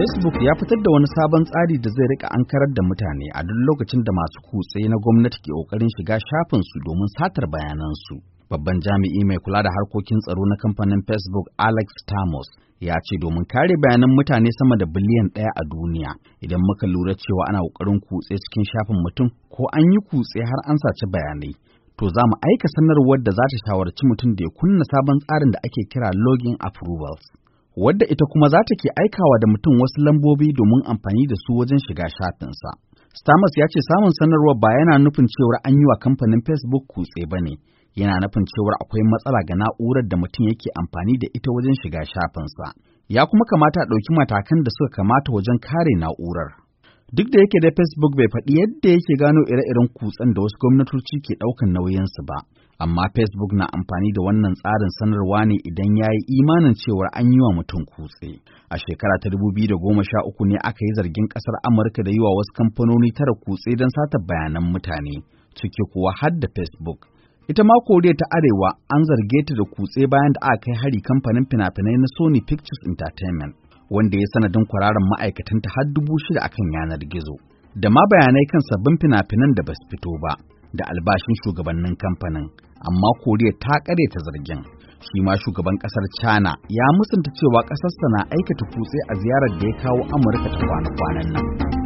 Facebook ya fitar da wani sabon tsari da zai rika ankarar da mutane a duk lokacin da masu kutse na gwamnati ke ƙoƙarin shiga shafin su domin satar bayanansu. Babban jami'i mai kula da harkokin tsaro na kamfanin Facebook Alex Tamos ya ce domin kare bayanan mutane sama da biliyan ɗaya a duniya idan muka lura cewa ana ƙoƙarin kutse cikin shafin mutum ko an yi kutse har an saci bayanai. To za mu aika sanarwar da za ta shawarci mutum da ya kunna sabon tsarin da ake kira login approvals. wadda ita kuma za ta ke aikawa da mutum wasu lambobi domin amfani da su wajen shiga shafinsa. Stamos ya ce samun sanarwar ba yana nufin cewar an yi wa kamfanin Facebook kutse ba ne, yana nufin cewar akwai matsala ga na'urar da mutum yake amfani da ita wajen shiga shafinsa. Ya kuma kamata a ɗauki matakan da suka kamata wajen kare na'urar. Duk da yake da Facebook bai faɗi yadda yake gano ire-iren kutsen da wasu gwamnatoci ke ɗaukan nauyinsu ba, amma Facebook na amfani da wannan tsarin sanarwa ne idan ya yi imanin cewar an yi wa mutum kutse. A shekara ta dubu biyu da goma sha uku ne aka yi zargin ƙasar Amurka da yi wa wasu kamfanoni tara kutse don sata bayanan mutane, ciki kuwa har da Facebook. Ita ma Koriya ta Arewa an zarge ta da kutse bayan da aka kai hari kamfanin fina-finai na Sony Pictures Entertainment. wanda ya sanadin kwararan ma'aikatanta har dubu shida akan yanar gizo da ma bayanai kan sabbin fina-finan da ba su fito ba da albashin shugabannin kamfanin amma koriya ta ta zargin shi ma shugaban kasar china ya musanta cewa ƙasarsa na aikata kutse a ziyarar da ya kawo amurka ta kwana-kwanan nan